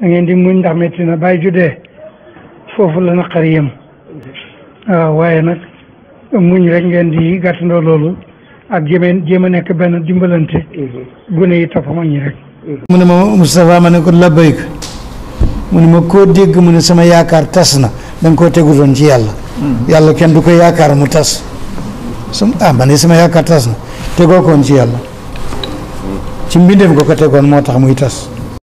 da di muñ ndax métti na bàyyi juddee foofu la naqar yem waaw waaye nag muñ rek ngeen di gàttandoo loolu ak jéem jéem a nekk benn dimbalante gune yi topp mag ñi rek mu ne ma Moustapha ma ne ko labbayk mu ne ma koo dégg mu ne sama yaakaar tas na da nga koo tegutoon ci yàlla yàlla kenn du ko yaakaar mu tas sum ah ma ne sama yaakaar tas na tegoo koon ci yàlla ci mbindeef nga ko tegoon moo tax muy tas